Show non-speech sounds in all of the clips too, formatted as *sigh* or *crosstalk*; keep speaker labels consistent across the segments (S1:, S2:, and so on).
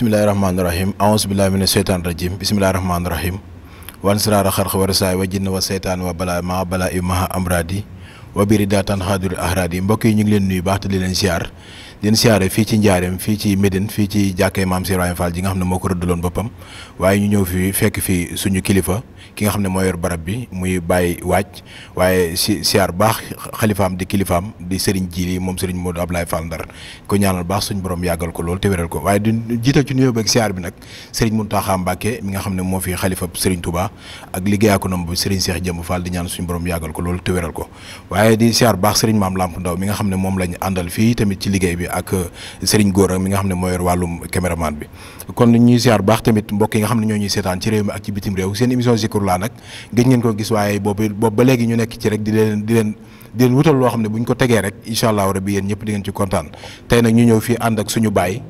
S1: bisimilahi rahmanirahim aousubillahi mina seytaan rajim bisimilahi rahmanirahim wan siraara xarx war saay wa jinn wa seytaan wa bala ma bala i maha amradi wa biri daatan xaaduri ahradi mbokk yi ñu ngi leen nuyu baax te di leen ziar leen siyaare fii ci njaareem fii ci Médine fii ci jàkkee maam si Ibrahima ji nga xam ne moo ko rëddaloon boppam waaye ñu ñëw fi fekk fi suñu kilifa ki nga xam ne moo yor barab bi muy bàyyi waaj waaye si siyaar baax xalifaam di kilifaam di sëriñ Jili moom sëriñ Modou Ablaye Fall Ndar ko ñaanal baax suñu borom yàggal ko loolu te wéral ko waaye di jiital ci nuyoo beeg bi nag sëriñ Mountakha Mbacké mi nga xam ne moo fi xalifa sëriñ Touba ak liggéeyaakonam bu sëriñ Cheikh Jëmb Fall di ñaan suñu borom yàggal ko loolu te wéral ko waaye di siyaar baax sëriñ Ndaw mi nga xam ne moom lañ àndal fii tamit ci liggéey bi ak euh, Serigne Gora mi nga xam ne moo yor wàllum caméraman bi kon ñuy ziar baax tamit mbokk yi nga xam ne ñoo ñuy seetaan ci réew mi ak ci bitim réew seen émission Zikroullah nag gëj ngeen ko gis waaye boobu ba léegi ñu nekk ci rek di leen di leen di wutal loo xam ne bu ñu ko tegee rek incha allahu rabi yéen ñëpp di ngeen ci kontaan tey nag ñu ñëw fii ànd ak suñu baay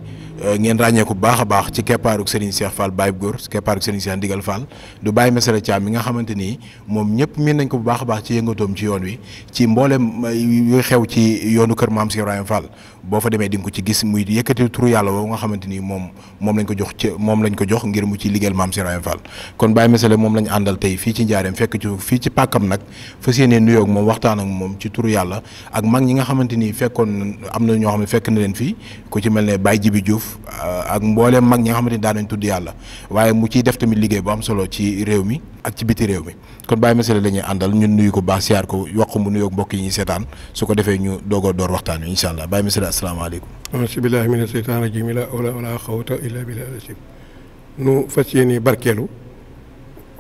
S1: euh, ngeen ràññee baax a baax ci keppaaruk Serigne Cheikh Fall Baye Góor keppaaruk Serigne Cheikh Ndigal Fall du Baye Mesere Thiam nga xamante ni moom ñëpp miin nañ ko bu baax a baax ci yëngatoom ci yoon wi ci mboolem euh, xew ci yoonu kër maam Cheikh Ibrahima Fall boo fa demee di nga ko ci gis muy yëkkati turu yàlla woowu nga xamante ni moom moom lañ ko jox ci moom lañ ko jox ngir mu ci liggéeyal maam Serigne Fall kon àndal tey fii ci Njaareem fekk ci fii ci pàkkam nag fas yéenee nuyoo moom waxtaan ak moom ci turu yàlla mag ñi nga xamante ni fekkoon am na ñoo xam ne fekk na leen fii ku ci mel ne Baye Jibi Diouf uh, ak mbooleem mag ñi nga xamante ni daan nañ tudd yàlla waaye mu ciy def tamit liggéey bu am solo ci réew mi ak ci biti réew mi kon Baye Mesele la ñuy àndal ñun nuyu ko baax siyaar ko wax mu nuyoo mbokk yi seetaan ko defee ñu doogoo door waxtaan wi incha allah asalaamaaleykum
S2: ansi billahi mina seytaan rajim la wala wala xawta illa billah alasim nu fas yéene barkeelu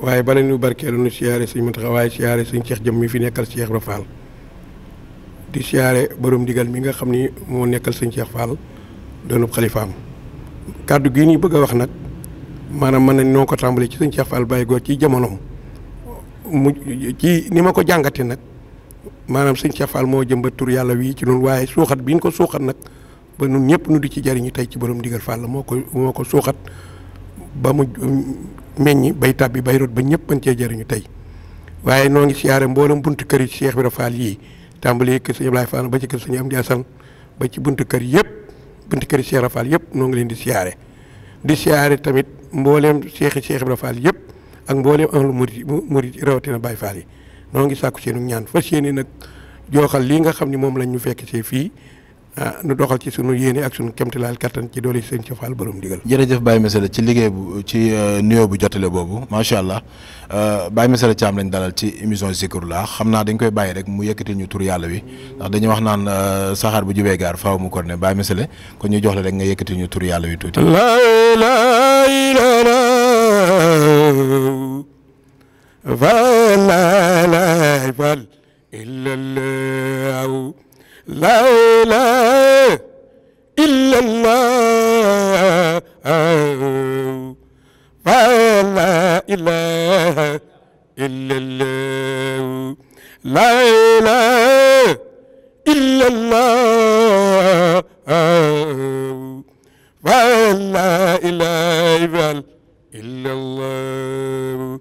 S2: waaye bala ñu barkeelu nu siyaare sëñ Muntaxa waaye siyaare sëñ Cheikh jëm mi fi nekkal Cheikh Ibra Fall di borom digal mi nga xam ni moo nekkal suñ Cheikh Fall doonu xalifaam kàddu gi ñu bëgg a wax nag maanaam mën nañ noo ko tàmbalee ci sëñ Cheikh Fall bàyyi goo ci jamonoom mu ci ni ma ko jàngate nag maanaam suñ Cheikh Fall moo jëmbat tur yàlla wii ci noonu waaye suuxat bi ñu ko suuxat nag ba ñun ñëpp nu di ci jariñu tey ci borom digal Fall moo ko moo ko suuxat ba mu meññ bay tàbbi bay root ba ñëpp mën cee jariñu tey waaye noo ngi siyaare mboolem buntu kër yi Cheikh Ibra Fall yii tàmbali kër sëñ Ablaye Fall ba ci kër sëñ Amdi Asan ba ci buntu kër yëpp buntu kër Cheikh Ibra Fall yëpp noo ngi leen di siyaare di siyaare tamit mbooleem Cheikh Cheikh Ibra Fall yëpp ak mbooleem ahlu murid murid rawatina Baye Fall yi noo ngi sàkku seenu ñaan fas yéene nag jooxal lii nga xam ni moom lañ ñu fekk see fii ah, nu doxal ci sunu yéene ak sunu kemtilaal kattan ci doole sëñ sa Fall borom digal.
S1: jërëjëf Baye Missirah ci liggéey bu ci euh, nuyoo bu jotale boobu macha allah euh, Baye Missirah Thiam lañ dalal ci émission Zikroullah xam naa dañ koy bàyyi rek mu yëkkatil ñu tur yàlla wi ndax dañuy wax naan euh, saxaar bu jubee gaar faaw mu ko ne Baye Missirah kon ñu jox la rek nga yëkkatil ñu tur yàlla wi tuuti.
S3: فلا لا يفعل إلا الله لا إله إلا الله فلا إله إلا الله لا إله إلا الله فلا إله إلا الله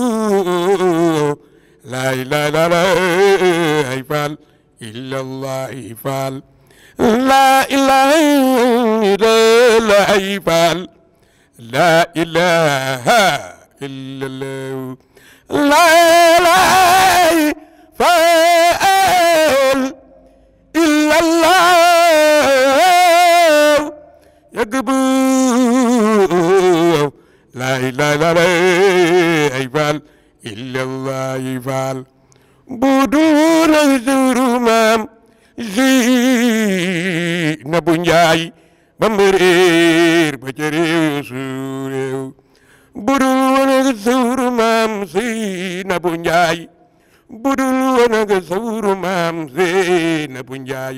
S3: laa ilaaha illallaah faal illallaah ay faal laa ilaaha illallaah ay faal laa ilaaha illallaah laa faal illallaah yagbu laa ilaaha illallaah ay faal illallah faal bu duural suuru maam Zeynabu Njaay ba mu ba ca réew suuréew bu dul woon ak suuru maam Zeynabu Njaay bu dul woon suuru maam Zeynabu Njaay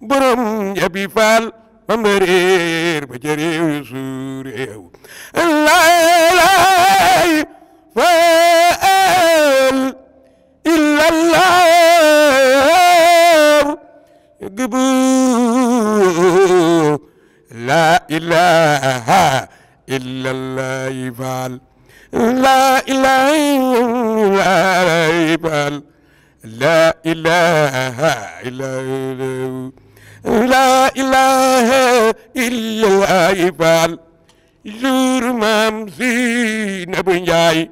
S3: borom njabi faal ba ba ca réew laay laay فأل إلا الله يقبو لا إله إلا الله يبال لا إله إلا يبال لا إله إلا الله لا إله إلا الله يبال زور مام زينب نجاي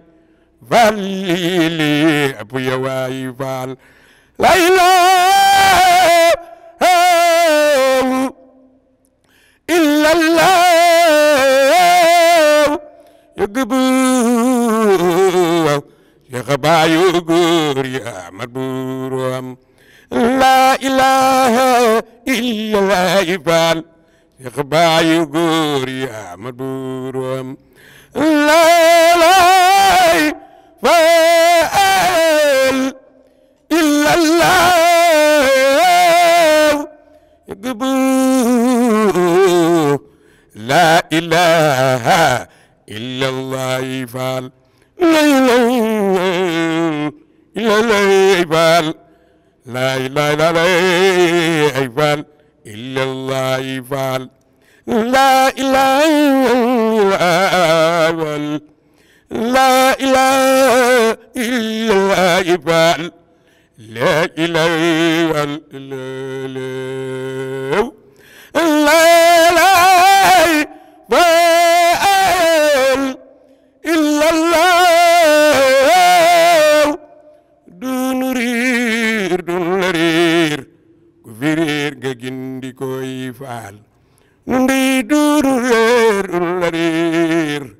S3: faal yi lii ab yawaay faal la ilaaha illallah yëgbu yaxa baayu góor ya mat la ilaaha illallah faal yaxa baayu ya mat buur am la فال إلا الله يقبو لا إله إلا الله فال لا إله إلا الله فال لا إله إلا الله فال إلا الله فال لا إله إلا الله لا إله إلا الله يبان لا إله إلا الله لا إله إلا الله دون رير دون رير كفير كجندي كوي فعل نندي دون رير دون رير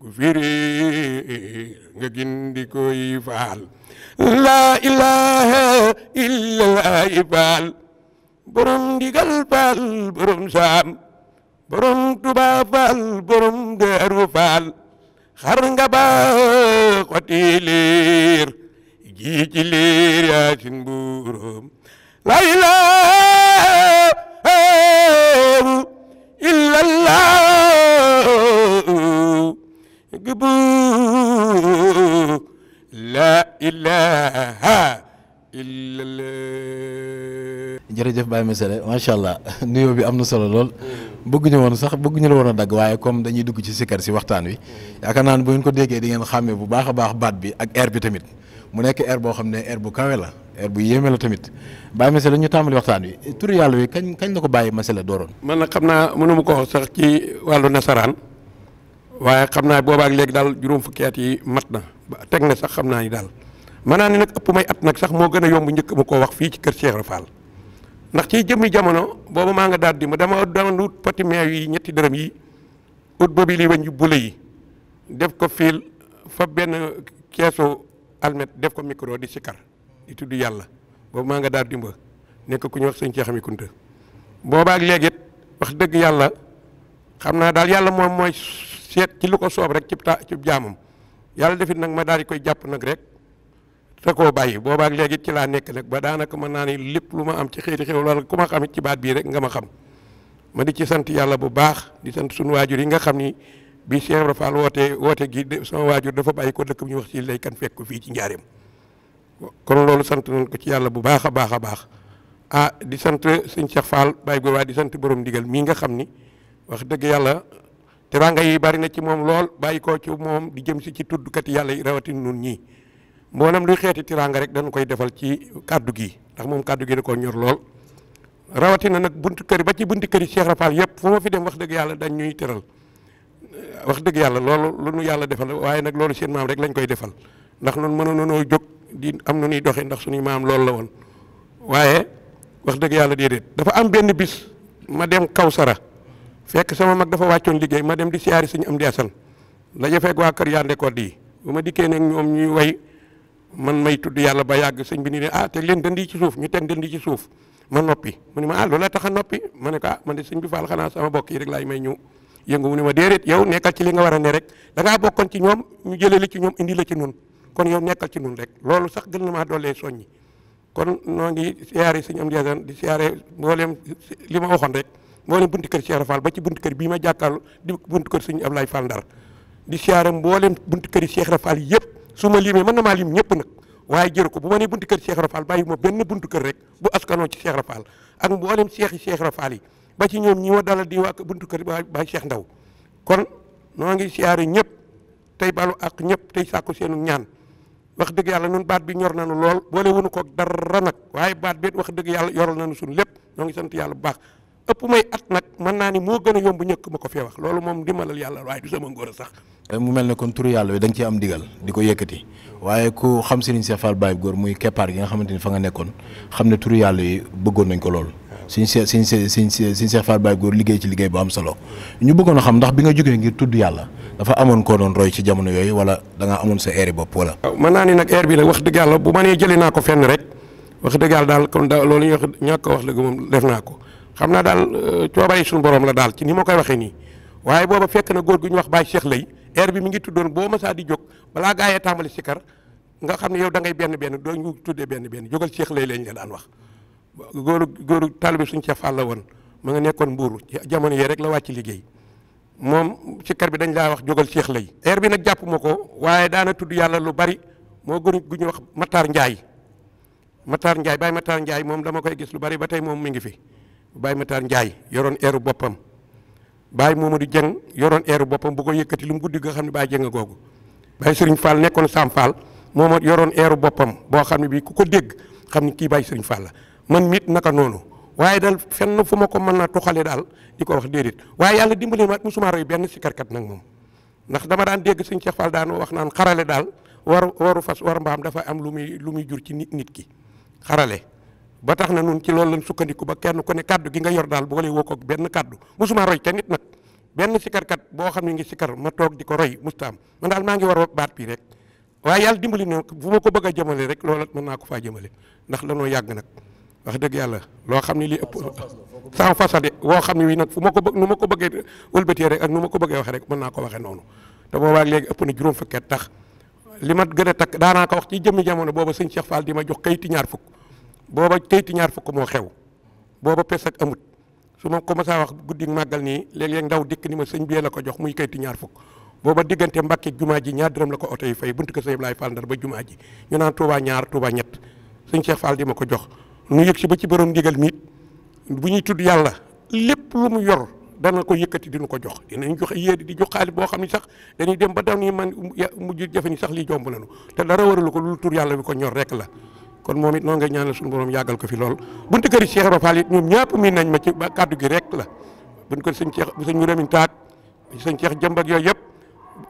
S3: ku firi nga gindi koy faal la ilaha illallah faal borom digal faal borom saam borom tuba faal borom deeru faal xar nga ba xoti liir ji ci liir yaa sin buurom la ilaha illallah ارقبوا لا إله إلا الله
S1: jërëjëf Baye Mesere macha allah *laughs* nuyoo bi am na solo lool bëgguñu woon sax bëgguñu la woon a dagg waaye comme dañuy dugg ci sikkar si waxtaan wi yaakaar naa ne bu ngeen ko déggee di ngeen xàmmee bu baax a baax baat bi ak air bi tamit mu nekk air boo xam ne air bu kawe la air bu yéeme la tamit Baye Mesere ñu tàmbali waxtaan wi turu yàlla wi kañ kañ la ko bàyyi Baye Mesere dooroon.
S2: man nag xam naa mënu mu ko wax sax ci wàllu nasaraan. waaye xam naa boobaak léegi daal juróom fukki at yi mat na teg na sax xam naa ni daal manaa ne nag ëpp may at nag sax moo gën a yomb njëkk ma koo wax fii ci kër Cheikh Ibra Fall ndax ci jëmmi jamono booba maa nga daal di ma dama daan ut poti yi ñetti dërëm yi ut boobu li wañ yu bule yi def ko fiil fa benn keesu almet def ko micro di sikar di yàlla boobu maa nga daal di nekk ku ñu wax sëñ Cheikh Ami Kunta wax dëgg yàlla xam naa daal yàlla moom mooy seet ci lu ko soob rek ci taa ci jaamam yàlla defit nag ma daal di koy jàpp nag rek te koo bàyyi boobaak léegi ci laa nekk nag ba daanaka mën naa ni lépp lu ma am ci xeeti xew loolu ku ma xamit ci baat bii rek nga ma xam ma di ci sant yàlla bu baax di sant suñu waajur yi nga xam ni bi Cheikh Ibra Fall woote woote gi sama waajur dafa bàyyi ko dëkk bu ñu wax ci lay kan fekk ko fii ci njaareem kon loolu sant nañ ko ci yàlla bu baax a baax a baax a ah, di sant sëñ Cheikh Fall bàyyi go waa di sant borom ndigal mii nga xam ni dëgg yàlla teranga yi bari na ci moom lool bàyyi koo ci moom di jëm si ci tuddkati yàlla yi rawatin nun ñii mboolem luy xeeti teranga rek dañu koy defal ci kàddu gi ndax moom kàddu gi da koo ñor lool rawatina nag bunt kër ba ci bunt kër yi Cheikh Rafal yëpp fu ma fi dem wax dëgg yàlla dañ ñuy teral eh, wax dëgg yàlla loolu lu nu yàlla defal waaye nag loolu seen maam rek lañ koy defal ndax nun mënoonoo jóg di am nu ñuy doxee ndax suñu maam loolu la woon waaye wax dëgg yàlla déedéet dafa am benn bis ma dem Kawsara fekk sama mag dafa wàccoon liggéey ma dem di siyaari suñu am di asan la jafeeg waa kër yaa ndekood yi bu ma dikkee nag ñoom ñuy way man may tudd yàlla ba yàgg sëñ bi ni ne ah teg leen dënd yi ci suuf ñu teg dënd yi ci suuf ma noppi mu ne ma ah loola tax a noppi ma ne ko ah man de sëñ bi faal xanaa sama bokk yi rek laay may ñu yëngu mu ne ma déedéet yow nekkal ci li nga war a ne rek da ngaa bokkoon ci ñoom ñu jëlee la ci ñoom indi la ci nun kon yow nekkal ci nun rek loolu sax gën na maa doolee soññi kon noo ngi siyaare sëñ am di asan di siyaare li ma waxoon rek mboolem buntu kër Cheikh Fall ba ci buntu kër bii ma jàkkaarloo di buntu kër sëñ Ablaye Fall Ndar di siyaare mboolem buntu kër Cheikh Fall yëpp su ma limee mën na maa lim ñëpp nag waaye jër ko bu ma nee buntu kër Cheikh Fall bàyyi ma benn buntu kër rek bu askanoo ci Cheikh Fall ak mboolem Cheikh Cheikh Fall yi ba ci ñoom ñi ma dalal di waa buntu kër Baay seex Ndaw kon noo ngi siyaare ñëpp tey balu ak ñëpp tey sàkku seenu ñaan wax dëgg yàlla nun baat bi ñor nañu lool boole wuñu ko dara nag waaye baat bi wax dëgg yàlla yoral nañu suñu lépp ñoo ngi sant yàlla bu baax ëpp may at nag mën naa ni moo gën a yomb ñëkk ma ko fee wax loolu moom dimbalal yàlla waaye du sama ngóor sax.
S1: Eh, mu mel ne kon turu yàlla bi da nga digal di ko yëkkati waaye ku xam Serigne Cheikh Fall Baye góor muy keppaar gi nga xamante ni fa nga nekkoon xam ne turu yàlla yi nañ ko loolu. Serigne Cheikh Serigne Serigne Serigne Cheikh Fall Baye góor liggéey ci liggéey bu am solo ñu bëggoon a xam ndax bi nga jógee ngir tudd yàlla dafa amoon koo doon roy ci jamono yooyu wala da amoon sa air bopp wala.
S2: mën naa ni nag air bi la wax dëgg bu ma nee jëlee naa ko fenn rek wax dëgg yàlla daal kon da loolu ñuy wax ñàkk wax dëgg moom def naa ko xam naa daal euh, coobare suñu borom la daal ci ni ma koy waxee nii waaye booba fekk na góor gu ñu wax baay Cheikh lay air bi mi ngi tuddoon boo masaa di jóg balaa gaa yee tàmbali sikar nga xam ne yow da ngay benn benn doo ñu tuddee benn benn jógal Cheikh lay lañ la daan wax góoru góoru taalibe suñu ca fàll la woon ma nga nekkoon mbuuru jamono yee rek la wàcc liggéey moom sikar bi dañ laa wax jógal Cheikh lay air bi nag jàppuma ko waaye daana tudd yàlla lu bari moo góor gu ñu wax mataar Ndiaye Matar njaay Baye Matar Ndiaye moom dama koy gis lu bari ba tey moom mi ngi fi Baye Matar Ndiaye yoroon eeru boppam Baye Momadou Dieng yoroon eeru boppam bu ko yëkkati lu mu guddi nga xam ne Baye Dieng a googu Baye Serigne faal nekkoon Sam Fall moom yoroon eeru boppam boo xam ne bii ku ko dégg xam ne kii Baye Serigne Fall la man mit naka noonu waaye daal fenn fu ma ko mën na tuxale daal di ko wax déedéet waaye yàlla dimbale ma musuma roy benn sikkarkat nag moom ndax dama daan dégg Serigne Cheikh Fall daan wax naan xarale daal waru waru fas war mbaam dafa am lu muy lu muy jur ci nit nit ki xarale ba tax na nun ci loolu lañ sukkandiku ba kenn ku ne kaddu gi nga yor daal boole woo ko benn kaddu mosuma roy te nit nag benn sikarkat boo xam ne ngi sikar ma toog di ko roy mustaam man daal maa ngi war baat bi rek waaye yàlla dimbali na bu ma ko bëgg a jëmale rek loola mën naa ko faa jëmale ndax lanoo yàgg nag wax dëgg yàlla loo xam ne lii ëpp sans façade woo xam ne wi nag fu ma ko bëgg nu ma ko bëggee wëlbatee rek ak nu ma ko bëggee waxee rek mën naa ko waxee noonu te boobaag léegi ëpp na juróom fukki at tax ma gën a takk daanaa wax ci jëmmi jamono booba sëñ Cheikh Fall di ma jox kayiti ñaar fukk booba teytu ñaar fukk moo xew booba pes ak amut su ma ko masaa wax guddi màggal nii léeg-léeg ndaw dikk ni ma sëñ bi la ko jox muy kayitu ñaar fukk booba diggante Mbàkke jumaa ji ñaar dërëm la ko oto yi fay buntu ko sëñ Ablaye Fall Ndar ba jumaa ji ñu naan Touba ñaar Touba ñett sëñ Cheikh Fall di ma ko jox nu yëg si ba ci borom ndigal miit bu ñuy tudd yàlla lépp lu mu yor dana ko yëkkati dinu ko jox dinañ jox yéedi di jox xaalis boo xam ne sax dañuy dem ba daw ni man mujj jafe ni sax lii jomb nu te dara waralu ko lu tur yàlla bi ko ñor rek la kon moom it noonu ngay ñaanal suñu borom yàggal ko fi lool buntu kër yi Cheikh Ibra Fall it ñoom mii nañ ma ci ba kàddu gi rek la buñ ko sëñ Cheikh bu sëñ Mouramin Taat bu sëñ Cheikh Jëmb ak yooyu yëpp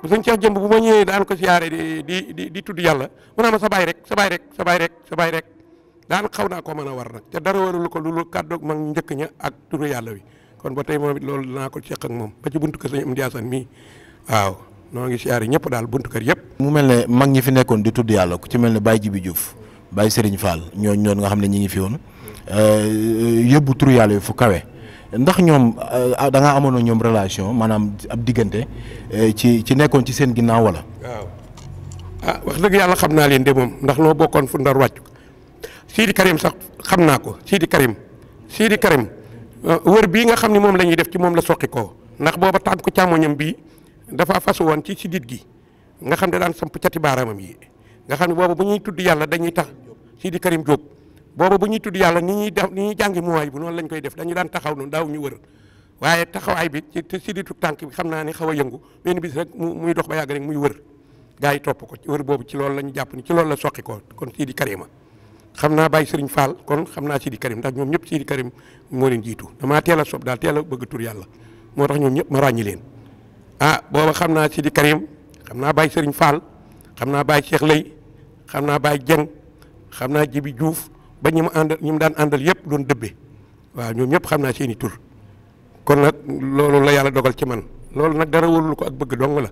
S2: bu sëñ Cheikh Jëmb bu ma ñëwee daan ko siyaare di di di di tudd yàlla mu naa sa baay rek sa baay rek sa baay rek sa baay rek daan xaw naa ko mën a war nag te dara warul ko lu kàddu mag njëkk ña ak turu yàlla wi kon ba tey moom it loolu dinaa ko seq ak moom ci buntu kër sëñ Amdi Asan mii waaw noo ngi siyaare ñëpp daal
S1: buntu kër yëpp mu mel ne mag ñi fi nekkoon di tudd yàlla ku ci mel ne Baye Jibi Diouf Baye Serigne Fall ñooñ ñoon nga xam ne ñi ngi fi woon euh, yóbbu turu yàlla yu fu kawe ndax ñoom euh, danga ngaa amoon ñoom relation maanaam ab diggante euh, ci ci nekkoon ci seen ginnaaw wala. waaw ah wax dëgg yàlla xam naa leen de moom ndax noo bokkoon fu ndar
S2: wàcc Sidi Karim sax xam naa ko Sidi Karim Sidi Karim wër bii nga xam ne moom la ñuy def ci moom la soqi ko ndax booba tànku càmmoñam bii dafa fasu woon ci sidit gi nga xam ne daan samp cati baaraamam yi. nga xam ne boobu bu ñuy tudd yàlla dañuy tax Sidi Karim Diop boobu bu ñuy tudd yàlla ni ñuy def ni ñuy jàngi muwaay bu noonu lañ koy def dañu daan taxaw noonu daaw ñu wër waaye taxawaay bi ci siditu tànk bi xam naa ne xaw a yëngu benn bis rek muy dox ba yàgg rek muy wër gars yi topp ko wër boobu ci loolu la ñu jàpp ni ci loolu la soqi ko kon Sidi Karima xam naa bàyyi Serigne Fall kon xam naa Sidi Karim ndax ñoom ñëpp Sidi Karim moo leen jiitu damaa teel a sob daal teel a bëgg tur yàlla moo tax ñoom ñëpp ma ràññi leen ah booba xam naa Sidi Karim xam naa bàyyi Serigne Fall xam naa bàyyi Cheikh Lay xam naa baay Dieng xam naa Jibi Diouf ba ñi mu àndal ñi mu daan àndal yëpp doon dëbbe waaw ñoom ñëpp xam naa seeni tur kon nag loolu la yàlla dogal ci man loolu nag dara wóorul ko ak bëgg dong la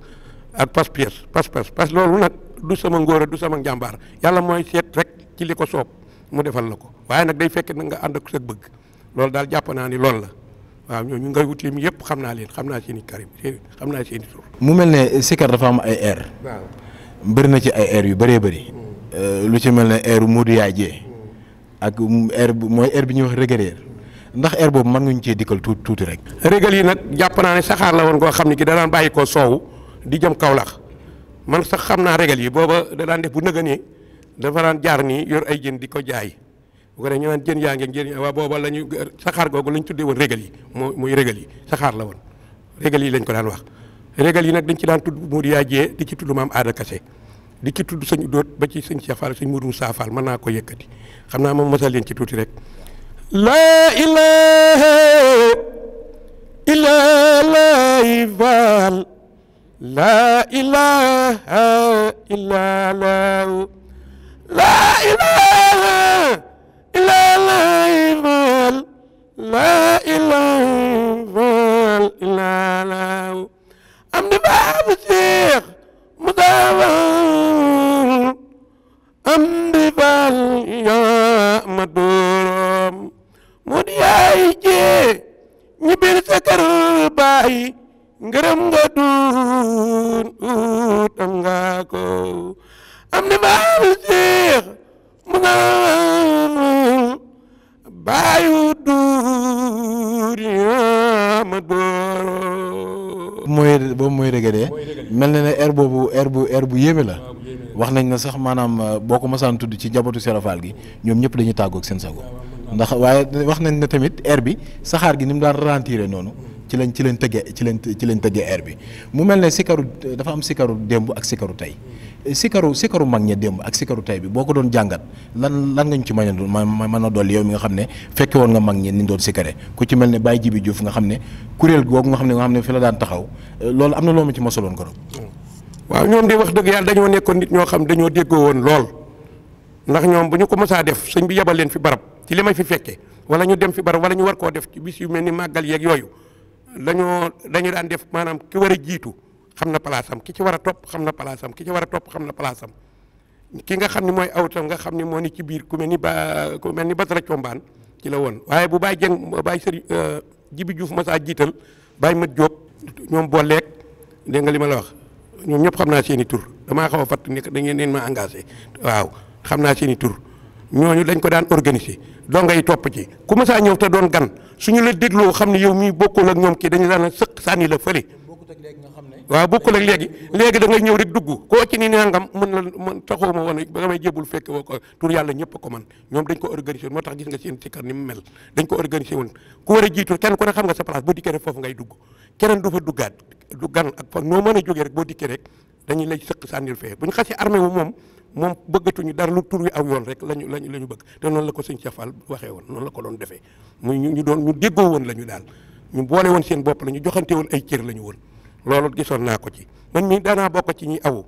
S2: ak pas pièce pas pas parce que loolu nag du sama ngóor du sama njàmbaar yàlla mooy seet rek ci li ko soob mu defal la ko waaye nag day fekk nag nga ànd ak sa bëgg loolu daal jàpp naa ni loolu la waaw ñoo ñu ngay wut lim yëpp xam naa leen xam naa seen i karim xam naa seen
S1: i mu mel ne Sikar dafa am ay air. bëri na ci ay air yu bëree bëri. lu ci mel ne air Modou Yaay Jee ak air mooy air bi ñuy wax régalier ndax air boobu mën nga ñu cee dikkal tuuti tuuti rek. régal yi nag
S2: jàpp naa ne saxaar la woon koo xam ne ki da daan bàyyi ko soowu di jëm Kaolack man sax xam naa régal yi booba da daan def bu nëgënee dafa daan jaar nii yor ay jën di ko jaay bu ko defee ñu naan jën yaa ngi jën waa booba la ñu saxaar googu la ñu tuddee woon régal yi moo muy régal yi saxaar la woon régal yi lañ ko daan wax régal yi nag dañ ci daan tudd Modou Yaay Jee di ci tudd maam Aada Kase li ci tudd sëñ doot ba ci sëñ Cheikh Fall sëñ Modou Moussa Fall mën naa ko yëkkati xam naa moom masal leen ci tuuti rek laa ilaha
S3: illa laay ilaha ilaha ilaha faal illa laay مداوى أمري فاليا مدورم مدياي جي ñibbil baay ngërëm nga duut am nga ko am ni maam Seex mu nga baayu duur yaa ma door
S1: mooy boobu mooy rëgëdee mel na ne air boobu air bu air bu yéeme la wax nañ na sax maanaam euh, boo ko mosaan tudd ci njabootu Serafal gi ñoom ñëpp dañuy tàggoog seen sago ah, ndax waaye wax nañ na tamit air bi saxaar gi ni mu daan ralentir noonu ci lañ ci lañ tëggee ci lañ ci lañ tëggee air bi mu mel ne sikaru dafa am sikaru démb ak sikaru tey sikaru sikaru mag ña démb ak sikaru tay bi boo ko doon jàngat lan lan nga ñu ci mën ma mën a dool yow mi nga xam ne fekke woon nga mag ñi ni doon sikare ku ci mel ne Baye Jibi Diouf nga xam ne kuréel googu nga xam ne nga xam ne fi la daan taxaw euh, loolu am na loo ma ci mosaloon ko waaw ñoom di wax dëgg yàlla dañoo nekkoon nit ñoo xam dañoo déggoo woon lool ndax ñoom bu
S2: ñu ko mësaa def sëñ bi yebal leen fi barab ci li may fi fekke wala ñu dem fi barab wala ñu war koo def ci bis mel ni màggal yeeg yooyu dañoo dañu daan def maanaam ki war a jiitu xam na palaasam ki ci war a topp xam na palaasam ki ci war a topp xam na palaasam ki nga xam ne mooy awtam nga xam ne moo ni ci biir ku mel ni ba ku mel ni Basra Combaan ci la woon waaye bu Baye Dieng Baye Serigne euh, Jibi Diouf Massa jiital Baye Mat Diop ñoom booleeg dégg nga li ma la wax ñoom ñëpp xam naa seeni i tur damaa xaw a fàtt nekk da ngeen neen ma waaw xam naa seen tur ñooñu dañ ko daan organiser doo ngay topp ci ku Massa ñëw te doon gan suñu la dégloo xam ne yow mii bokkul ak ñoom kii dañu daan a sëq sànni la fële. waaw bokkul ko léegi léegi da ngay ñëw rek dugg koo ci ni nangam mën na mën taxoo ma woon ba damay jébul fekk woo ko tur yàlla ñëpp ko man ñoom dañ ko organisé woon moo tax gis nga seen sikkar ni mu mel dañ ko organisé woon ku war a jiitu kenn ku ne xam nga sa place boo dikkee rek foofu ngay dugg keneen du fa duggaat du gan ak fa noo mën a jógee rek boo dikkee rek dañuy lay sëq sànnil fee bu ñu xasee armée wu moom moom bëggatuñu dara lu tur wi aw yoon rek lañu lañu la ñu bëgg te noonu la ko sëñ Cafal waxee woon noonu la ko doon defee muy ñu doon ñu déggoo woon la ñu daal ñu boole woon seen bopp la ñu joxante woon ay cër la ñu woon loolu gisoon naa ko ci man mii daanaa bokk ci ñi awu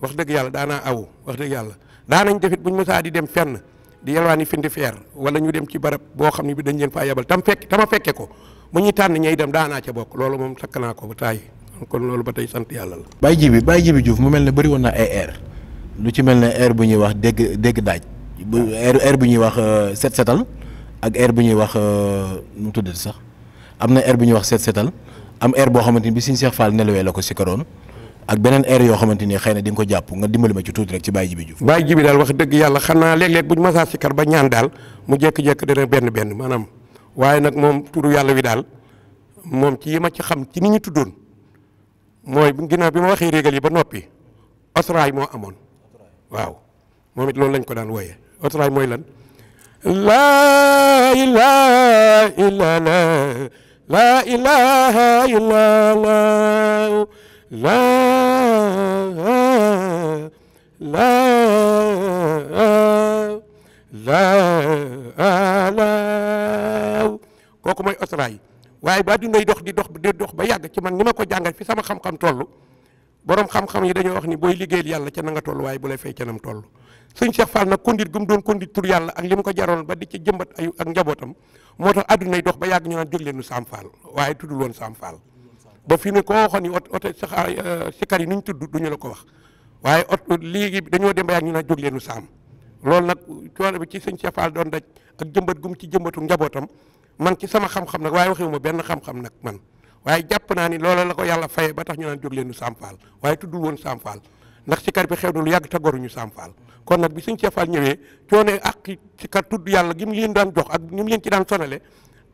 S2: wax dëgg yàlla daanaa awu wax dëgg yàlla daanañ defit bu buñ mosaa di dem fenn di yalwaani findi feer wala ñu dem ci barab boo xam ne bi dañ leen faa yebal tam fekk tama fekke ko mu ñuy tànn ñay dem daanaa ca bokk loolu moom sakk naa ko taay kon loolu ba tey sant yàlla la
S1: Baye Jibi Baye Jibi Diouf mu mel ne bëri woon na ay air lu ci mel ne air bu ñuy wax dégg dégg daaj air air bu ñuy wax euh, set setal ak air bu ñuy wax euh, nu mu tuddati sax am na air bu ñuy wax set setal am air boo xamante ni bi Serigne Cheikh Fall nelawee la ko sikaroon ak beneen air yoo xamante ni xëy na di nga ko jàpp nga dimbali ma ci tuuti rek ci Baye Djibi Diouf
S2: Baye Djibi daal wax dëgg yàlla xanaa léeg-léeg buñ masaa sikar ba ñaan daal mu jékki-jékki dana benn benn maanaam waaye nag moom turu yàlla wi daal moom ci yi ma ci xam ci ni ñu tuddoon mooy ginnaaw bi ma waxee régal yi ba noppi osraay moo amoon waaw moom it loolu lañ ko daan wooyee osraay mooy
S3: لا إله إلا الله لا لا
S2: لا لا kooku mooy Osra yi waaye ba di ngay dox di dox di dox ba yàgg ci man ni ma ko jàngal fi sama xam-xam toll boroom xam-xam yi dañoo wax ni booy liggéeyal yàlla ca na nga toll waaye bu lay fay ca nam toll suñ Cheikh Fall nag conduite gu mu doon conduite pour yàlla ak li mu ko jaroon ba di ci jëmbat ay ak njabootam moo tax addunay ba yàgg ñu naan jóg leen nu Sam Fall waaye tuddul woon Sam Fall ba fi ne koo waxoon ni ot oto euh, sikar yi nu ñu tudd duñu la ko wax waaye ot léegi dañoo dem ba yàgg ñu naan jóg leen nu Sam loolu nag coono bi ci sëñ Cheikh Fall doon daj ak jëmbat gum ci jëmbatu njabootam man ci sama xam-xam nag waaye waxewu ma benn xam-xam nag man waaye jàpp naa ni loola la ko yàlla faye ba tax ñu naan jóg leen nu Sam waaye tuddul woon Sam Fall ndax sikar bi xew na lu yàgg te goruñu Sam Fall kon nag bi sëñ Cheikh Fall ñëwee coono ak sikar tudd yàlla gi mu daan jox ak ni mu ci daan sonale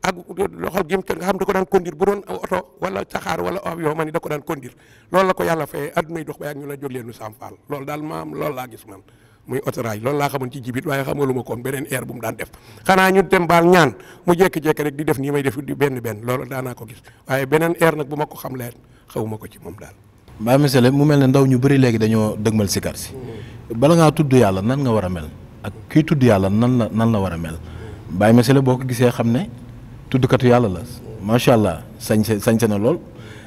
S2: ak loxol gi nga xam da ko daan conduire bu doon a oto wala saxaar wala avion ma ni da ko daan conduire loolu la ko yàlla fayee addunay dox ba yàgg ñu la jóg leen nu Sam Fall loolu daal maam loolu laa gis man muy otoraay loolu laa xamoon ci jibit waaye xamaluma koon beneen air bu mu daan def xanaa ñu dem baal ñaan mu jékki-jékki rek di def nii may def di benn benn loolu daanaa ko gis waaye beneen air nag bu ma ko xam leen xawuma ko ci moom daal
S1: Baye Missiré mu mel ne ndaw ñu bari léegi dañoo dëgmal mal si bala ngaa tudd yàlla nan nga war a mel ak kii tudd yàlla nan la nan la war a mel Baye Missiré boo ko gisee xam ne tudd katu yàlla la macha allah sañse sañse na lool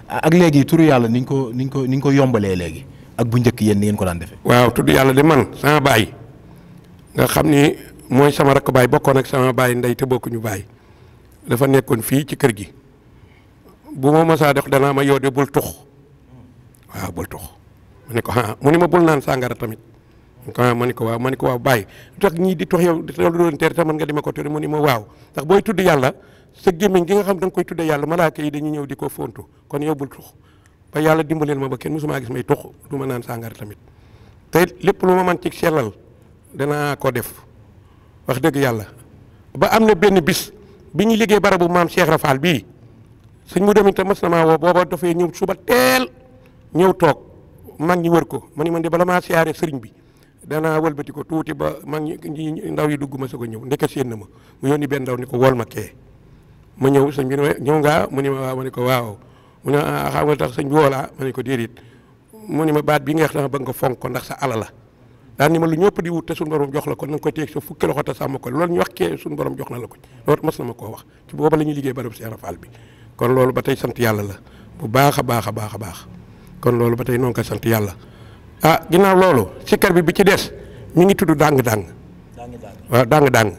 S1: ak léegi tur yàlla ni ñu ko ni ko ni ko yombalee léegi ak bu njëkk yéen ni ngeen ko daan defee.
S2: waaw tudd yàlla di man sama baay nga xam ni mooy sama rakk baay bokkoon ak sama baay ndey te bokkuñu baay dafa nekkoon fii ci kër gi bu ma masaa def danaa ma yoode bul tux waaw ah, bul tux ma ne ko ah mu ne ma bul naan sàngara tamit ma ne ko ah, waaw ma ne ko waaw bàyyi tax ñii di tox yow loolu doon tere man nga di ma ko tere mu ne ma waaw ndax booy tudd yàlla sa gémmiñ gi nga xam da nga koy tuddee yàlla malaaka yi dañuy ñëw di ko fontu kon yow bul tux ba yàlla dimbaleel ma ba kenn mësumaa gis may tux du ma naan sàngara tamit te lépp lu ma man ci sellal danaa ko def wax dëgg yàlla ba am na benn bis bi ñu liggéey barabu maam Cheikh Rafal bii sëñ mu dem itam mas na maa woo booba dafay ñëw suba teel ñëw toog mag ñi wër ko ma ni man de bala maa siyaare sëriñ bi danaa wëlbati ko tuuti ba mag ñi ndaw yi dugg ma sa ko ñëw ndeke séen na ma mu yónni benn ndaw ni ko wol ma kee ma ñëw sëñ bi ñëw ngaa mu ni ma waaw ma ne ko waaw mu ne ah, xam nga tax sëñ woolaa ma ne ko déedéet mu ni ma baat bi nga wax dama bëgg nga fonk ko ndax sa ala la daan ni ma lu ñëpp di wut te suñu borom jox la ko na nga koy teeg sa fukki loxo te sàmm ko loolu ñu wax kee suñu borom jox na la ko loolu mas na ma ko wax ci booba la ñuy liggéey barab Cheikh Fall bi kon loolu ba tey sant yàlla la bu baax baax a baax a baax kon loolu ba tey noo ngi koy sant yàlla ah ginnaaw loolu sikkar bi bi ci des mi ngi tudd dàng-dàng waaw dàng-dàng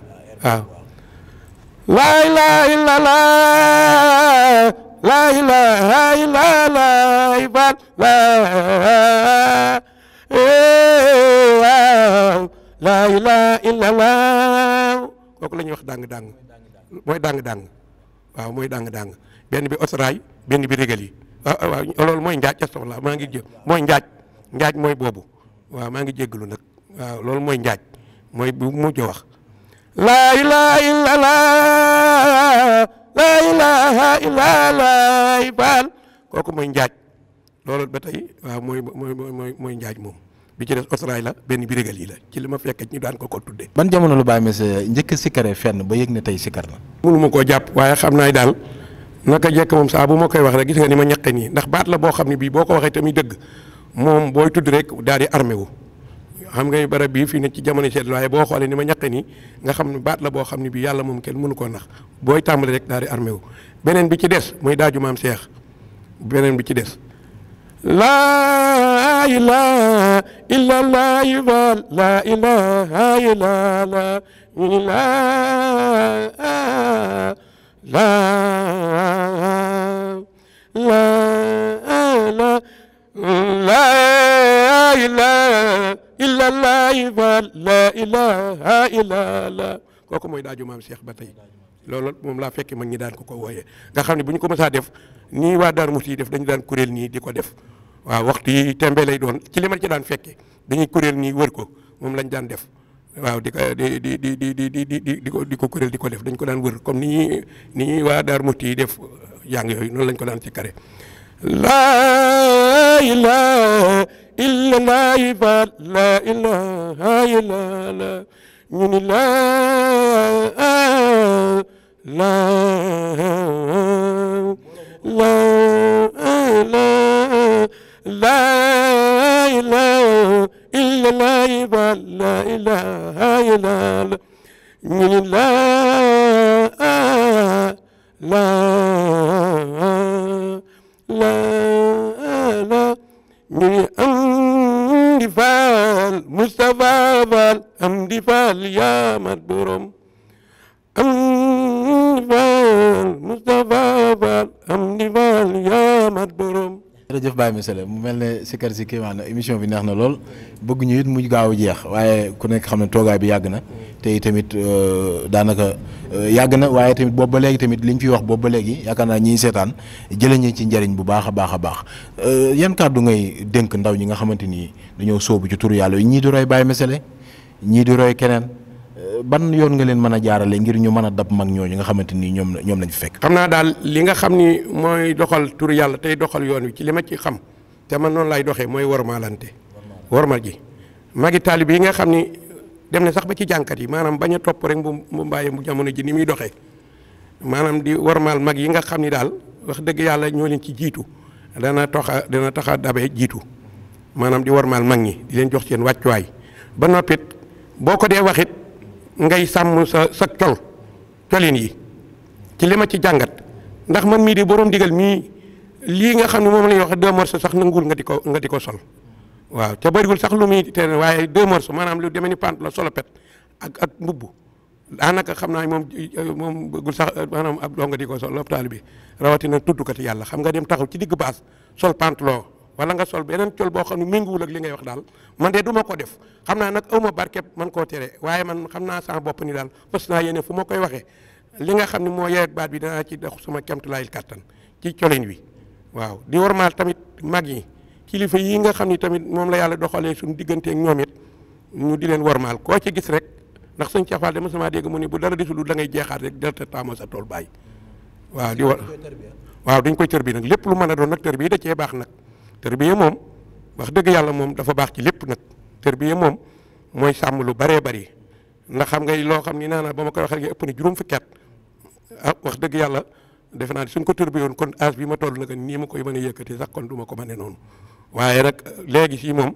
S2: waaw laa ilaaha illallaah
S3: laa ilaaha illallaah ibaad
S2: eh, laa ilaaha illallaah kooku la ñuy wax dàng-dàng mooy dang dàng waaw mooy dàng-dàng benn bi Osraay benn bi régal Ah, ah, waaw loolu mooy njaaj astafurlah maa ngi jé mooy njaaj njaaj mooy boobu waa maa ngi jéggalu nag waaw loolu mooy njaaj mooy bu mujj wax laa ilaha illa laa mooy njaaj loolu ba tey waaw mooy mooy mooy mooy njaaj moom bi ci des Australie la benn birigal yi la ci li ma fekk ñu daan ko ko tuddee.
S1: ban jamono lu baa monsieur njëkk a sikaree fenn ba yëg ne tey sikar na. mënuma koo jàpp waaye xam naa daal.
S2: naka jekk moom saa bu ma koy wax rek gis nga ni ma ñaqe nii ndax baat la boo xam ne bii boo ko waxee tamit dëgg moom booy tudd rek daal di armé wu xam nga barab bii fii ne ci jamono seet waaye boo xoolee ni ma ñaqe nii nga xam ne baat la boo xam ne bii yàlla moom kenn mënu koo nax booy tàmbali rek daal di armé beneen bi ci des muy daaju maam seex beneen bi ci des laa ilaha illa laa yubal
S3: لا لا لا لا إله إلا الله لا إله
S2: إلا kooku mooy daaju maam Cheikh ba tey loolu moom laa fekkee mag ñi daan ko ko wooyee nga xam ne bu ko mësaa def nii waa Darou Mouhty yi def dañu daan kuréel nii di ko def waaw waxtu yi tembe lay doon ci li ma ci daan fekke dañuy kuréel nii wër ko moom lañ daan def. waaw di ko di di di di di di di ko di ko kuréel di ko def dañ ko daan wër comme ni ñuy ni ñuy waa daar muti yi def jàng yooyu noonu lañ ko daan ci kare
S3: laa ilaha illa laa ilaha illa la إلا الله يبان لا إله إلا الله من لا لا لا لا من أمد فال مصطفى فال أمد فال يا
S1: مدبرم أمد فال مصطفى فال أمد فال يا مدبرم jërëjëf Baye Missiré mu mel ne Sikar si kéemaan na émission bi neex na lool bëgg ñu it mu gaaw a jeex waaye ku nekk xam ne toogaay bi yàgg na te tamit euh, daanaka euh, yàgg na waaye tamit boobu ba léegi tamit liñ fi wax boobu ba léegi yaakaar naa ñiy seetaan jëlee ñu ci njëriñ bu baax a baax a baax euh, yan kàddu ngay dënk ndaw ñi nga xamante ni dañoo sóobu ci turu yàlla yi ñii di roy Baye Missiré ñii di roy keneen. ban yoon nga leen mën a jaarale ngir ñu mën a dab mag ñooñu nga xamante ni ñoom ñoom lañ fekk. xam
S2: naa daal li nga xam ni mooy doxal tur yàlla tey doxal yoon wi ci li ma ci xam te man noonu lay doxee mooy wormaalante. wormal ji magi taalib yi nga xam ni dem na sax ba ci jànkat yi maanaam bañ a topp rek mu mu mbàyyi mu jamono ji ni muy doxee maanaam di wormaal mag yi nga xam ni daal wax dëgg yàlla ñoo leen ci jiitu dana toxa dana taxa dabe jiitu maanaam di wormaal mag ñi di leen jox seen wàccuwaay ba noppit boo ko dee waxit ngay sàmm sa sa col colin yi ci li ma ci jàngat ndax man mii di borom digal mii lii nga xam ne moom la ñuy wax deux morceaux sax nanguwul nga di ko nga di ko sol waaw te bëriwul sax lu muy ne waaye deux morceaux maanaam lu demee ni solo pet ak ak mbubb daanaka xam naa moom euh, moom bëggul sax euh, maanaam ab doo nga di ko sol lopitaan bi rawatina tuddkati yàlla xam nga dem taxaw ci digg baas sol loo wala nga sol beneen col boo xam ne méngoowul ak li ngay wax daal man de du ma ko def xam naa nag awma barkeb man koo tere waaye man xam naa sama bopp ni daal fas naa yéene fu ma koy waxee li nga xam ne moo yeeg baat bi danaa ci dox suma kemtulaayil kàttan ci colin wi waaw di warmaal tamit mag yi kilifa yi nga xam ni tamit moom la yàlla doxalee suñu diggante ak ñoom it di leen warmaal koo ci gis rek ndax suñ cafaal dama sama dégg mu ne bu dara desul da ngay jeexaat rek delta taamoo sa tool baay waaw di waaw dañ koy tër bi nag lépp lu mën a doon nag tër bi da cee baax nag tërbiya moom wax dëgg yàlla moom dafa baax ci lépp nag tërbiya moom mooy sàmm lu baree bari ndax xam ngay loo xam ni naa naa ba ma koy waxee ëpp na juróom fukki at ah, wax dëgg yàlla defe naa suñ ko tërbiyoon kon âge bi ma toll nag nii ma koy mën a yëkkati sax kon duma ko mën a noonu waaye nag léegi si moom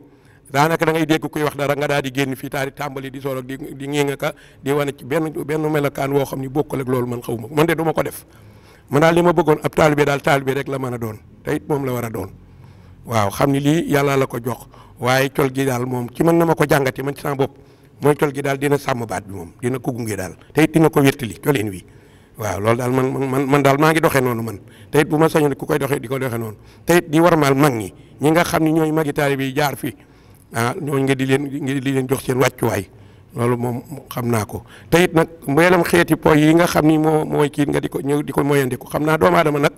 S2: daanaka da ngay dégg koy wax dara nga daal di génn fii taari tàmbali di solo di di ngénga ka di wane ci benn benn melokaan woo xam ni bokkul ak loolu man xaw ma man de du ko def man daal li ma bëggoon ab taalibe daal taalibe rek la mën a doon te it la war a doon waaw xam ni lii yàlla la ko jox waaye col gi daal moom ci mën na ma ko jàngate man ci sama bopp mooy col gi daal dina sàmm baat bi moom dina ko gunge daal te it dina ko wéttali colin wi waaw loolu daal man man man daal maa ngi doxee noonu man te it bu ma sañoon ku koy doxee di ko doxee noonu te it war warmaal mag ñi ñi nga xam ni ñooy magi taalibe yi jaar fi ah ñooñu nga di leen nga di leen jox seen wàccuwaay loolu moom xam naa ko te it nag mbeelam xeeti poy yi nga xam ni moo mooy kii nga di ko ñëw di ko moyandiku xam naa doomu aadama nag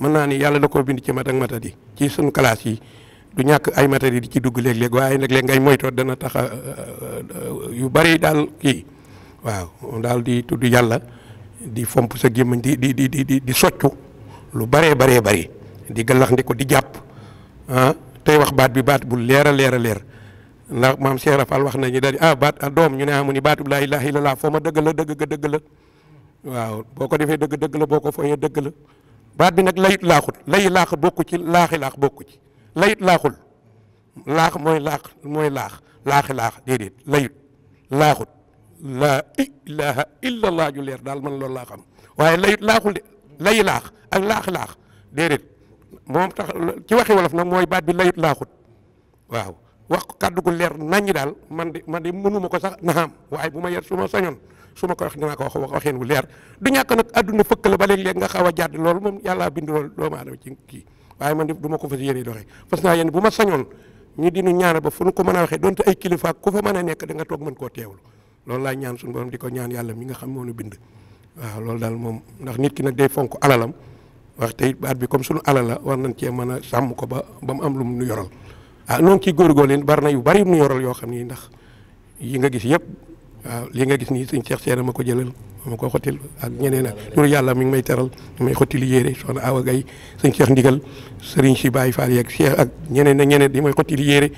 S2: mën naa ni yàlla da koo bind ci mat mata di ci suñ kalaas yi du ñàkk ay matadi di ci dugg léeg-léeg waaye nag léeg ngay dana tax euh, euh, yu daal kii waaw daal di tudd yàlla di fomp sa gémmiñ di di di di di soccu lu baree baree bari di gallax ndi ko di jàpp ah tey wax baat bi baat bu leer a leer a leer ndax maam Cheikh Rafal wax nañu daal di ah baat ah doom ñu ne amu ni baatu laa ilaaha yi foo ma dëgg la dëgg ga dëgg la waaw boo ko defee dëgg dëgg la boo ko fooyee dëgg la baat bi nag layit laaxut layi laax bokku ci laaxi laax bokku ci layit laaxul laax mooy laax mooy laax laaxi laax déedéet layit laaxut laa ilaha illa allah ju leer daal man loolu laa waaye layit laaxul de layi laax ak laaxi laax déedéet moom tax ci waxi wolof nag mooy baat bi layit laaxut waaw wax kàddu gu leer naññi daal man di man di mënuma ko sax naam waaye bu ma yar su ma sañoon su ma ko wax dinaa ko wax waxeen wu leer du ñàkk nag àdduna fëkk la ba léeg-léeg nga xaw a jàdd loolu moom yàllaa bind loolu doomu aadama ci kii waaye man du ma ko fas yéene doxee fas naa yéen bu ma sañoon ñi dinu ñaanal ba fu nu ko mën a waxee donte ay kilifa ku fa mën a nekk da nga toog mën koo teewlu loolu laa ñaan suñu borom di ko ñaan yàlla mi nga xam moo nu bind waaw loolu daal moom ndax nit ki nag day fonk alalam wax tey baat bi comme suñu alal la war nañ cee mën a sàmm ko ba ba mu am lu mu nu yoral ah noonu ciy góorgóorlu leen bari na yu bari yu nu yoral yoo xam ni ndax yi nga gis yëpp waaw li nga gis nii suñ Cheikh Seera ma ko jëlal ma ko xottil ak ñeneen ak loolu yàlla mi ngi may teral mi may xottil yére soxna Awa Gaye suñ Cheikh Ndigal Serigne si Baye Fall yeeg Cheikh ak ñeneen ñeneen di may xottil yére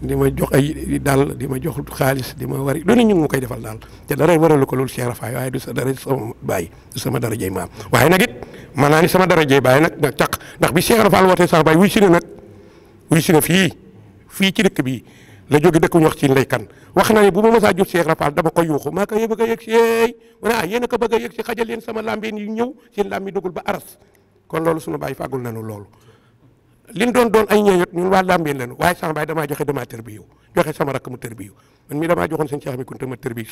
S2: di ma jox ay daal di ma jox xaalis di ma wari loolu ñu koy defal daal te dara waralu ko loolu Cheikh Rafaay waaye du sa dara sama baay du sama darajey maam waaye nag it mën naa ni sama darajey baay nag nag caq ndax bi Cheikh Rafaal wootee sax baay wuy si na nag wuy si na fii fii ci dëkk bii la jóge dëkk ñox ci ndey kan wax na ne bu ma mësaa jot Cheikh Rafal dama ko yuuxu maa ko bëgg a yëg si yeey mu ne ah yéen a ko bëgg a yëg si xajal leen sama lambeen yi ñëw seen lam dugul ba aras kon loolu suñu bàyyi fàggul nañu loolu liñ doon doon ay ñeeyot ñun waa lambeen lañu waaye sama bàyyi damaa joxe damaa tërbiyu joxe sama rakk mu tërbiyu man mi damaa joxoon sëñ Cheikh mi kunta ma tërbiyu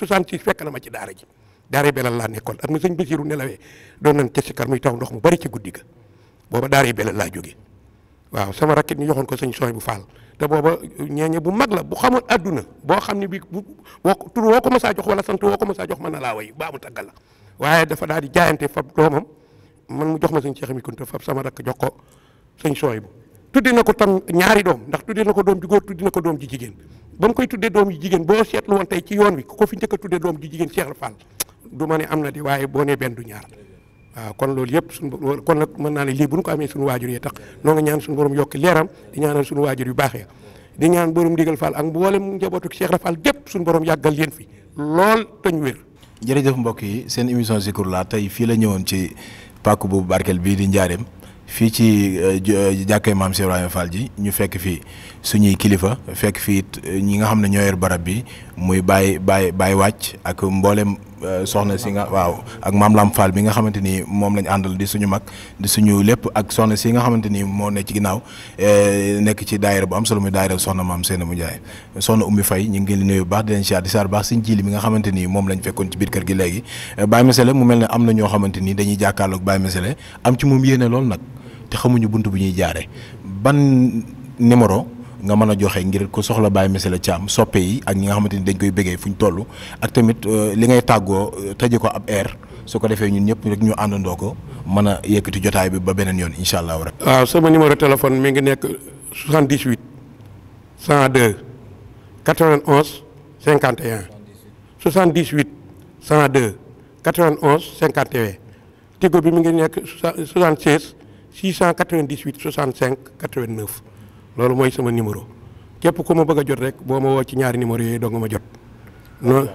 S2: ci daara ji daara belal laa nekkoon at ma sëñ Basiru nelawee doon nañ ca muy taw ndox mu bari ci guddi ga booba daara belal laa jóge waaw sama rakk it ñu ko sëñ sooy bu faal te booba ñeeñe bu mag la bu xamoon adduna boo xam ne bi bu woo tur woo ko mës a jox wala sant woo ko mës a jox mën na laa way ba mu tàggal la waaye dafa daal di jaayante fab doomam man mu jox ma sëñ Cheikh mi Kunta fab sama rakk jox ko sëñ sooy bu tuddi na ko tam ñaari doom ndax tuddi na ko doom ji góor tuddi na ko doom ji jigéen ba mu koy tuddee doom ji jigéen boo seetlu tey ci yoon wi ku ko fi njëkk doom ji jigéen Cheikh la Fall du ma ne am na di waaye boo nee benn du ñaar waaw kon loolu yëpp suñu kon nag mën naa ne lii bu ñu ko amee suñu waajur yi tax noo ñaan suñu borom yokki leeram di ñaanal suñu waajur yu baax ya di ñaan borom digal faal ak mboolem njabootu Cheikh Rafal gépp suñu borom yàggal leen fi lool tañ
S1: jërëjëf mbokk yi seen émission Zikroullah tey fii la ñëwoon ci pàkk bu barkeel bii di njaareem fii ci euh, euh, jàkkee maam Cheikh Ibrahima ji ñu fekk fii suñuy kilifa fekk fii euh, ñi nga xam ne ñoo yor barab bi muy bàyyi bàyyi bàyyi wàcc ak mboolem Euh, soxna si nga waaw ak maam Lam Fall bi nga xamante ni moom lañ àndal di suñu mag di suñu lépp ak soxna si nga xamante ni moo ne ci ginnaaw euh, nekk ci daayira bu am solo muy daayira soxna maam Seyna mu Njaay soxna Oumy Faye ñu ngi leen di nuyu baax di leen siyaar di siyaar baax suñ jiili mi nga xamante ni moom lañ fekkoon ci biir kër gi léegi euh, Baye Mesele mu mel ne am na ñoo xamante ni dañuy jàkkaarloog Baye Mesele am ci moom yéene lool nag te xamuñu bunt bu ñuy jaare ban numéro nga mën a joxe ngir ku soxla Baye Missirah Thiam soppe yi ak ñi nga xamante ni dañ koy bëggee fu ñu tollu ak tamit euh, li ngay tàggoo euh, tëjee ko ab air su ko defee ñun ñëpp rek ñu àndandoo ko mën a yëkkati jotaay bi ba beneen yoon incha allah.
S2: waaw sama numéro téléphone mu ngi nekk 78 102 91 51 78 102 91 51 Tigo bi mi ngi nekk 76 698 65 89. loolu mooy sama numéro képp ku ma bëgg a jot rek boo ma woo ci ñaari numéro yooyu doo nga ma jot. non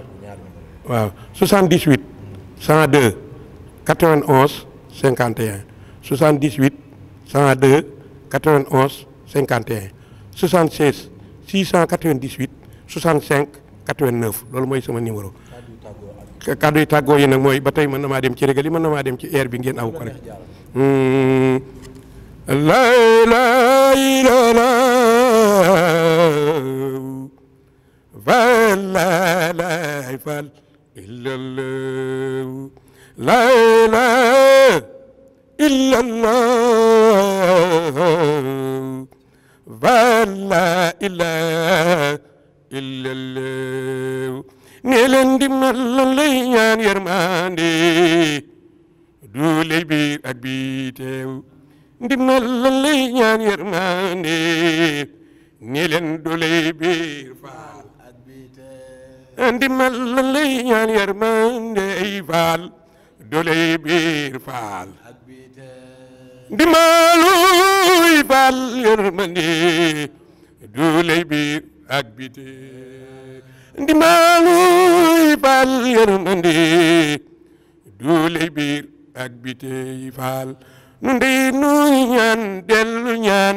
S2: waaw 78. 102. 91 51 78 102 91 51 76 698 65 89 loolu mooy sama numéro. kàddu yi tàggoo yi nag mooy ba tey mën na maa dem ci régal yi mën na maa dem ci air bi ngeen aw ko rek. Hmm. la ilaha illallah
S3: la ilaha illallah la ilaha illallah la ilaha illallah ne leen di du lay ak bi ndimbal lan lay ñaan yërmande ni leen du lay biir faal ndimbal lan lay faal du lay biir faal ndimbaluy faal yërmande biir ak biti ndimbaluy faal nu dey nuy ñaan dellu ñaan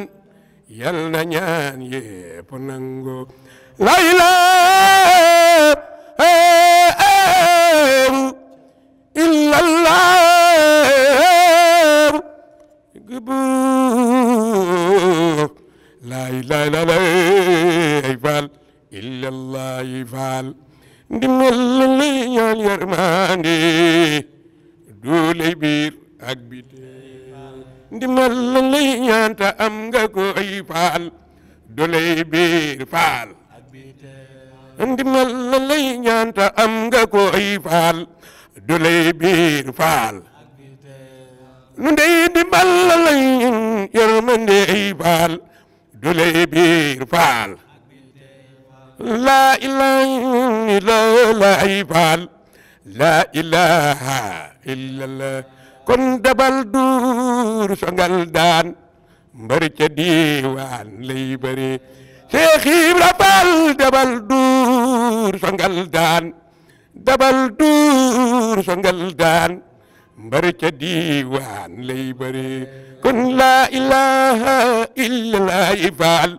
S3: yal na ñaan yépp nango la ilaha eh, eh, illallah gubur la ilaha illallah eh, faal illallah faal ndimbal li ñaan yërmande doole biir ak bit ndimbal lañ lay ñaan te am nga koy faal du lay biir faal ndimbal lañ lay ñaan te am nga koy faal du lay biir faal nu ndey ndimbal lañ yërmande faal du lay biir faal laa ilaaha illallaa faal laa ilaaha illallaa kon dabal duur songal daan mbër ca diiwaan lay bëri Cheikh Ibra Fall dabal duur songal daan dabal duur songal daan mbër ca diiwaan lay bëri kon laa ilaha illa laayi faal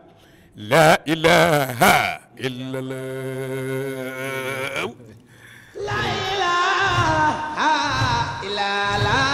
S3: laa ilaha illa laaw laa ilaha illa laa